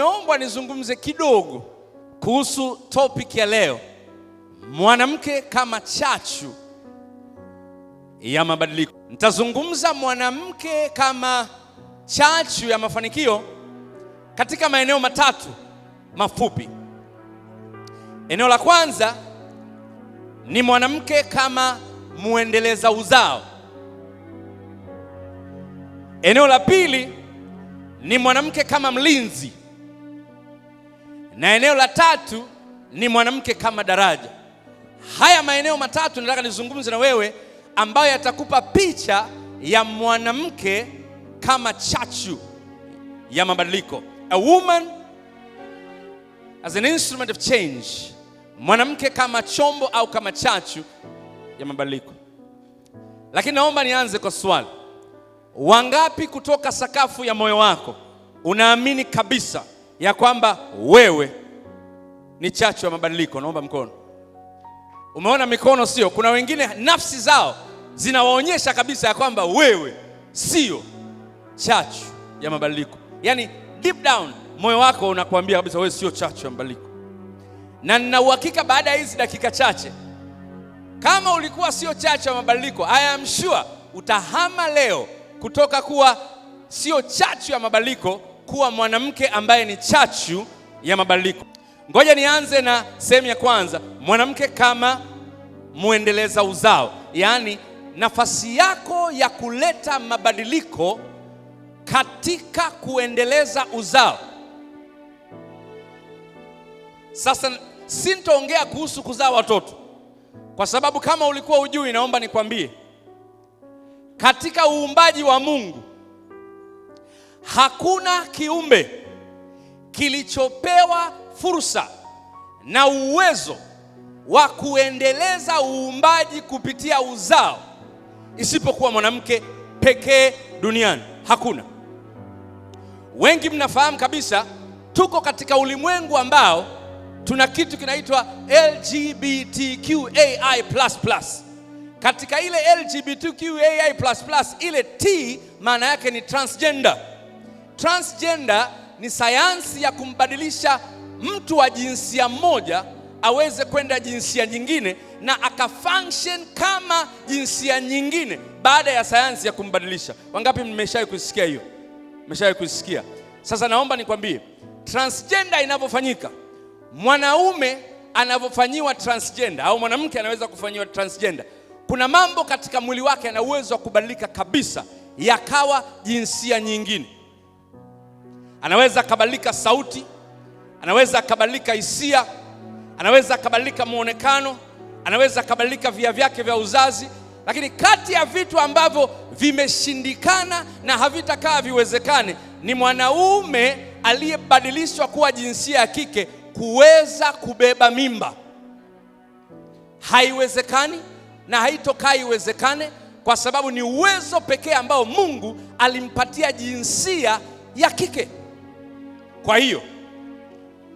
nimeombwa nizungumze kidogo kuhusu topic ya leo, mwanamke kama chachu ya mabadiliko. Nitazungumza mwanamke kama chachu ya mafanikio katika maeneo matatu mafupi. Eneo la kwanza ni mwanamke kama muendeleza uzao. Eneo la pili ni mwanamke kama mlinzi na eneo la tatu ni mwanamke kama daraja. Haya maeneo matatu nataka nizungumze na wewe, ambayo yatakupa picha ya mwanamke kama chachu ya mabadiliko, a woman as an instrument of change, mwanamke kama chombo au kama chachu ya mabadiliko. Lakini naomba nianze kwa swali, wangapi kutoka sakafu ya moyo wako unaamini kabisa ya kwamba wewe ni chachu ya mabadiliko. Naomba mkono. Umeona mikono, sio? Kuna wengine nafsi zao zinawaonyesha kabisa ya kwamba wewe sio chachu ya mabadiliko, yaani deep down moyo wako unakuambia kabisa wewe sio chachu ya mabadiliko. Na nina uhakika baada ya hizi dakika chache, kama ulikuwa sio chachu ya mabadiliko, I am sure utahama leo kutoka kuwa sio chachu ya mabadiliko kuwa mwanamke ambaye ni chachu ya mabadiliko. Ngoja nianze na sehemu ya kwanza, mwanamke kama muendeleza uzao, yaani nafasi yako ya kuleta mabadiliko katika kuendeleza uzao. Sasa sintoongea kuhusu kuzaa watoto, kwa sababu kama ulikuwa ujui, naomba nikwambie, katika uumbaji wa Mungu Hakuna kiumbe kilichopewa fursa na uwezo wa kuendeleza uumbaji kupitia uzao isipokuwa mwanamke pekee duniani. Hakuna. Wengi mnafahamu kabisa, tuko katika ulimwengu ambao tuna kitu kinaitwa LGBTQAI++. Katika ile LGBTQAI++, ile T maana yake ni transgender Transgender ni sayansi ya kumbadilisha mtu wa jinsia moja aweze kwenda jinsia nyingine na akafunction kama jinsia nyingine baada ya sayansi ya kumbadilisha. Wangapi mmeshawahi kusikia hiyo? Mmeshawahi kusikia? Sasa naomba nikwambie, transgender inavyofanyika, mwanaume anavyofanyiwa transgender au mwanamke anaweza kufanyiwa transgender, kuna mambo katika mwili wake ana uwezo wa kubadilika kabisa yakawa jinsia nyingine. Anaweza akabadilika sauti, anaweza akabadilika hisia, anaweza akabadilika mwonekano, anaweza akabadilika via vyake vya uzazi, lakini kati ya vitu ambavyo vimeshindikana na havitakaa viwezekane ni mwanaume aliyebadilishwa kuwa jinsia ya kike kuweza kubeba mimba. Haiwezekani na haitokaa iwezekane, kwa sababu ni uwezo pekee ambao Mungu alimpatia jinsia ya kike. Kwa hiyo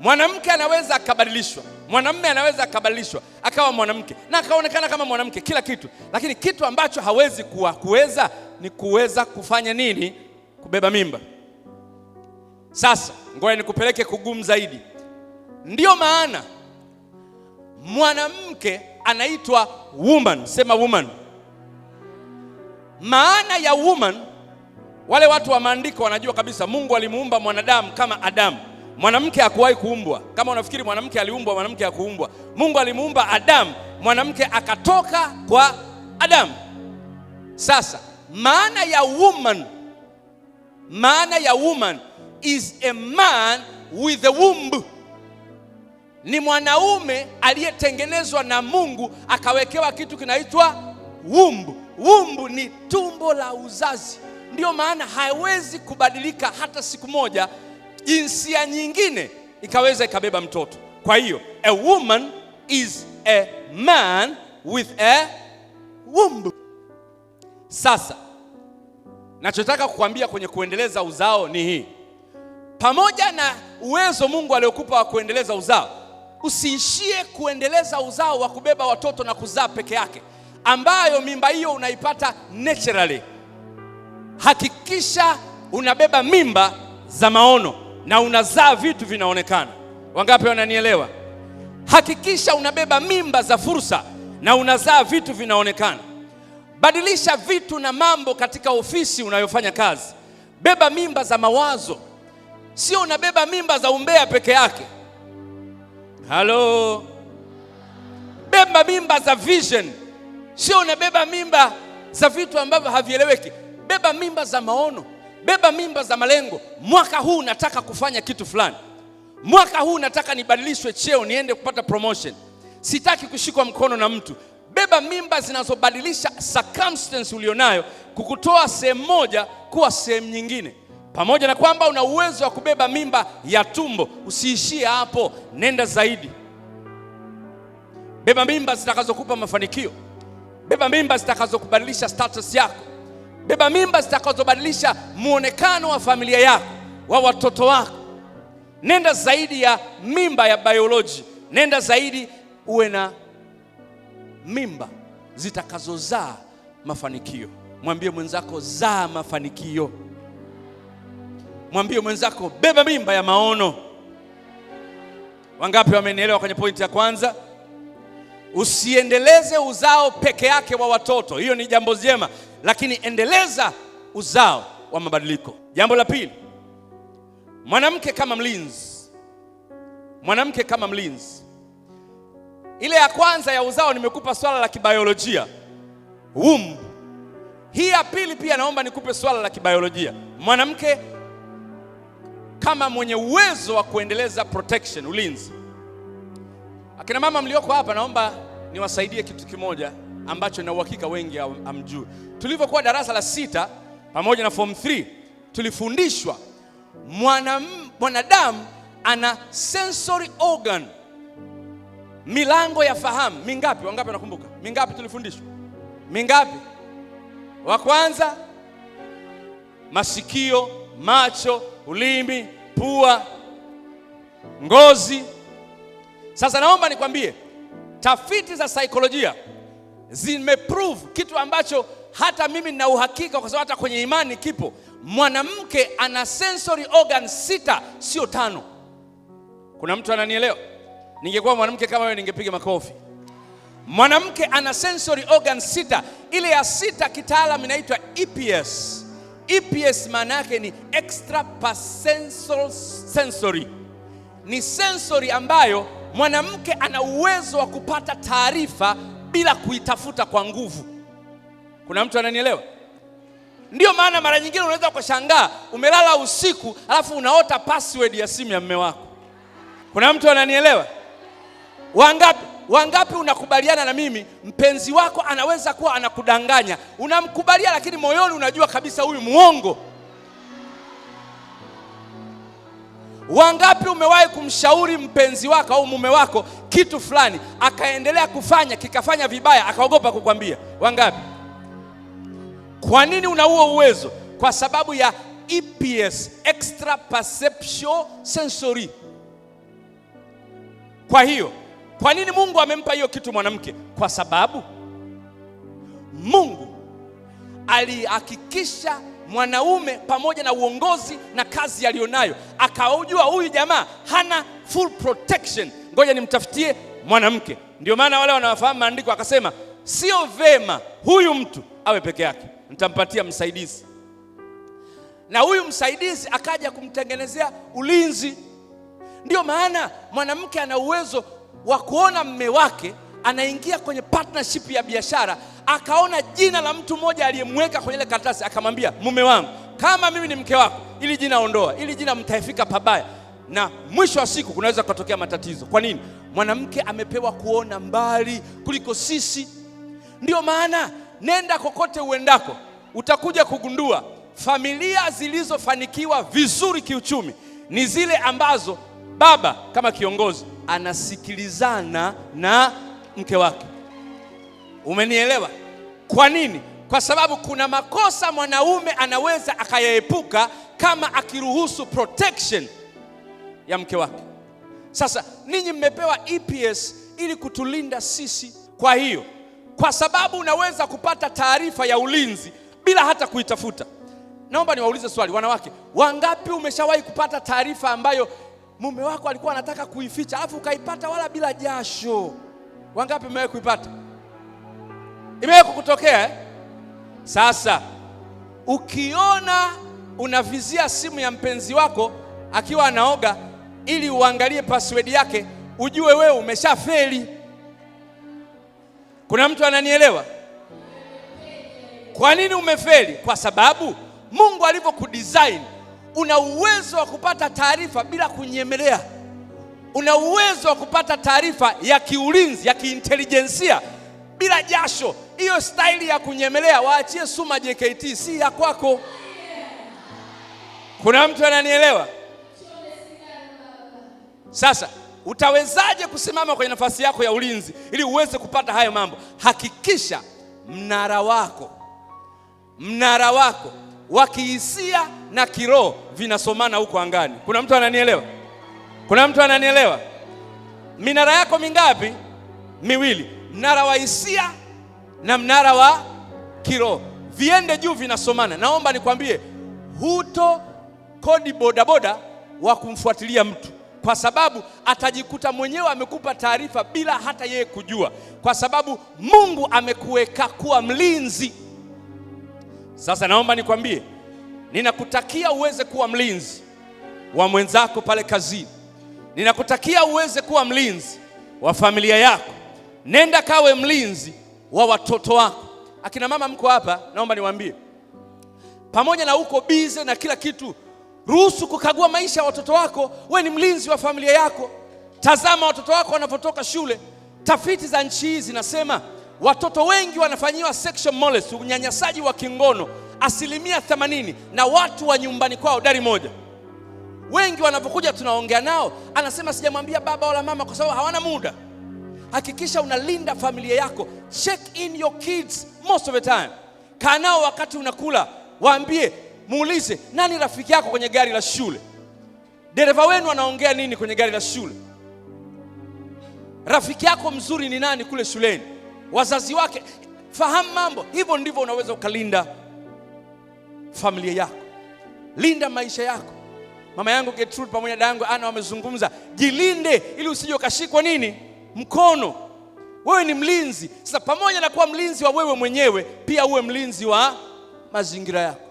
mwanamke anaweza akabadilishwa, mwanamume anaweza akabadilishwa akawa mwanamke na akaonekana kama mwanamke kila kitu, lakini kitu ambacho hawezi kuwa kuweza ni kuweza kufanya nini? Kubeba mimba. Sasa ngoja nikupeleke kugumu zaidi. Ndiyo maana mwanamke anaitwa woman, sema woman. Maana ya woman wale watu wa maandiko wanajua kabisa Mungu alimuumba mwanadamu kama Adamu. Mwanamke hakuwahi kuumbwa. Kama unafikiri mwanamke aliumbwa, mwanamke hakuumbwa. Mungu alimuumba Adamu, mwanamke akatoka kwa Adamu. Sasa maana ya woman, maana ya woman is a man with a womb, ni mwanaume aliyetengenezwa na Mungu akawekewa kitu kinaitwa womb. Womb ni tumbo la uzazi. Ndiyo maana haiwezi kubadilika hata siku moja jinsia nyingine ikaweza ikabeba mtoto. Kwa hiyo a woman is a man with a womb. Sasa nachotaka kukwambia kwenye kuendeleza uzao ni hii, pamoja na uwezo Mungu aliokupa wa kuendeleza uzao, usiishie kuendeleza uzao wa kubeba watoto na kuzaa peke yake, ambayo mimba hiyo unaipata naturally hakikisha unabeba mimba za maono na unazaa vitu vinaonekana. Wangapi wananielewa? Hakikisha unabeba mimba za fursa na unazaa vitu vinaonekana. Badilisha vitu na mambo katika ofisi unayofanya kazi. Beba mimba za mawazo, sio unabeba mimba za umbea peke yake. Halo, beba mimba za vision, sio unabeba mimba za vitu ambavyo havieleweki beba mimba za maono, beba mimba za malengo. Mwaka huu nataka kufanya kitu fulani, mwaka huu nataka nibadilishwe cheo, niende kupata promotion, sitaki kushikwa mkono na mtu. Beba mimba zinazobadilisha circumstance ulionayo, kukutoa sehemu moja kuwa sehemu nyingine. Pamoja na kwamba una uwezo wa kubeba mimba ya tumbo, usiishie hapo, nenda zaidi. Beba mimba zitakazokupa mafanikio, beba mimba zitakazokubadilisha status yako beba mimba zitakazobadilisha muonekano wa familia yako, wa watoto wako. Nenda zaidi ya mimba ya bioloji, nenda zaidi uwe na mimba zitakazozaa mafanikio. Mwambie mwenzako zaa mafanikio. Mwambie mwenzako beba mimba ya maono. Wangapi wamenielewa kwenye pointi ya kwanza? Usiendeleze uzao peke yake wa watoto, hiyo ni jambo jema lakini endeleza uzao wa mabadiliko. Jambo la pili, mwanamke kama mlinzi. Mwanamke kama mlinzi. Ile ya kwanza ya uzao nimekupa swala la kibayolojia womb. Hii ya pili pia naomba nikupe swala la kibayolojia mwanamke kama mwenye uwezo wa kuendeleza protection, ulinzi. Akina mama mlioko hapa, naomba niwasaidie kitu kimoja ambacho na uhakika wengi hamjui. Tulivyokuwa darasa la sita pamoja na form 3 tulifundishwa mwanadamu ana sensory organ, milango ya fahamu mingapi? Wangapi wanakumbuka? Mingapi tulifundishwa? Mingapi? Wa kwanza, masikio, macho, ulimi, pua, ngozi. Sasa naomba nikwambie, tafiti za saikolojia zimeprove kitu ambacho hata mimi nina uhakika, kwa sababu hata kwenye imani kipo, mwanamke ana sensory organ sita, sio tano. Kuna mtu ananielewa? Ningekuwa mwanamke kama wewe, ningepiga makofi. Mwanamke ana sensory organ sita. Ile ya sita kitaalamu inaitwa EPS. EPS maana yake ni extra perceptual sensory, ni sensory ambayo mwanamke ana uwezo wa kupata taarifa bila kuitafuta kwa nguvu. Kuna mtu ananielewa? ndio maana mara nyingine unaweza ukashangaa umelala usiku alafu unaota password ya simu ya mme wako. Kuna mtu ananielewa? Wangapi wangapi unakubaliana na mimi, mpenzi wako anaweza kuwa anakudanganya, unamkubalia, lakini moyoni unajua kabisa huyu muongo. Wangapi umewahi kumshauri mpenzi wako au mume wako kitu fulani akaendelea kufanya kikafanya vibaya, akaogopa kukwambia? Wangapi? Kwa nini una huo uwezo? Kwa sababu ya EPS, extra perception sensory. Kwa hiyo kwa nini Mungu amempa hiyo kitu mwanamke? Kwa sababu Mungu alihakikisha mwanaume pamoja na uongozi na kazi aliyonayo, akaujua huyu jamaa hana full protection, ngoja nimtafutie mwanamke. Ndio maana wale wanawafahamu maandiko akasema sio vema huyu mtu awe peke yake nitampatia msaidizi. Na huyu msaidizi akaja kumtengenezea ulinzi. Ndiyo maana mwanamke ana uwezo wa kuona mme wake anaingia kwenye partnership ya biashara, akaona jina la mtu mmoja aliyemweka kwenye ile karatasi, akamwambia mume wangu, kama mimi ni mke wako, ili jina ondoa, ili jina mtaifika pabaya, na mwisho wa siku kunaweza kutokea matatizo. Kwa nini? Mwanamke amepewa kuona mbali kuliko sisi. Ndiyo maana nenda kokote uendako, utakuja kugundua familia zilizofanikiwa vizuri kiuchumi ni zile ambazo baba kama kiongozi anasikilizana na mke wake. Umenielewa? Kwa nini? Kwa sababu kuna makosa mwanaume anaweza akayaepuka kama akiruhusu protection ya mke wake. Sasa ninyi mmepewa EPS ili kutulinda sisi, kwa hiyo kwa sababu unaweza kupata taarifa ya ulinzi bila hata kuitafuta. Naomba niwaulize swali, wanawake wangapi, umeshawahi kupata taarifa ambayo mume wako alikuwa anataka kuificha alafu ukaipata wala bila jasho? Wangapi umewahi kuipata? Imewahi kukutokea eh? Sasa ukiona unavizia simu ya mpenzi wako akiwa anaoga, ili uangalie password yake, ujue wewe umeshafeli. Kuna mtu ananielewa? Kwa nini umefeli? Kwa sababu Mungu alivyokudesign una uwezo wa kupata taarifa bila kunyemelea. Una uwezo wa kupata taarifa ya kiulinzi ya kiintelijensia bila jasho. Hiyo staili ya kunyemelea waachie Suma JKT, si ya kwako. Kuna mtu ananielewa? Sasa Utawezaje kusimama kwenye nafasi yako ya ulinzi ili uweze kupata hayo mambo? Hakikisha mnara wako mnara wako wa kihisia na kiroho vinasomana huko angani. Kuna mtu ananielewa? Kuna mtu ananielewa? Minara yako mingapi? Miwili, mnara wa hisia na mnara wa kiroho, viende juu, vinasomana. Naomba nikwambie, huto kodi bodaboda wa kumfuatilia mtu kwa sababu atajikuta mwenyewe amekupa taarifa bila hata yeye kujua, kwa sababu Mungu amekuweka kuwa mlinzi. Sasa naomba nikwambie, ninakutakia uweze kuwa mlinzi wa mwenzako pale kazini, ninakutakia uweze kuwa mlinzi wa familia yako. Nenda kawe mlinzi wa watoto wako. Akina mama mko hapa, naomba niwaambie, pamoja na uko bize na kila kitu Ruhusu kukagua maisha ya watoto wako. We ni mlinzi wa familia yako. Tazama watoto wako wanapotoka shule. Tafiti za nchi hii zinasema watoto wengi wanafanyiwa sexual molest, unyanyasaji wa kingono asilimia 80, na watu wa nyumbani kwao dari moja. Wengi wanapokuja tunaongea nao, anasema sijamwambia baba wala mama kwa sababu hawana muda. Hakikisha unalinda familia yako. Check in your kids most of the time. Kaa nao wakati unakula, waambie muulize nani rafiki yako kwenye gari la shule. Dereva wenu anaongea nini kwenye gari la shule? Rafiki yako mzuri ni nani kule shuleni? Wazazi wake, fahamu mambo hivyo. Ndivyo unaweza ukalinda familia yako, linda maisha yako. Mama yangu Gertrude pamoja na yangu Ana wamezungumza, jilinde ili usije ukashikwa nini mkono. Wewe ni mlinzi sasa, pamoja na kuwa mlinzi wa wewe mwenyewe, pia uwe mlinzi wa mazingira yako.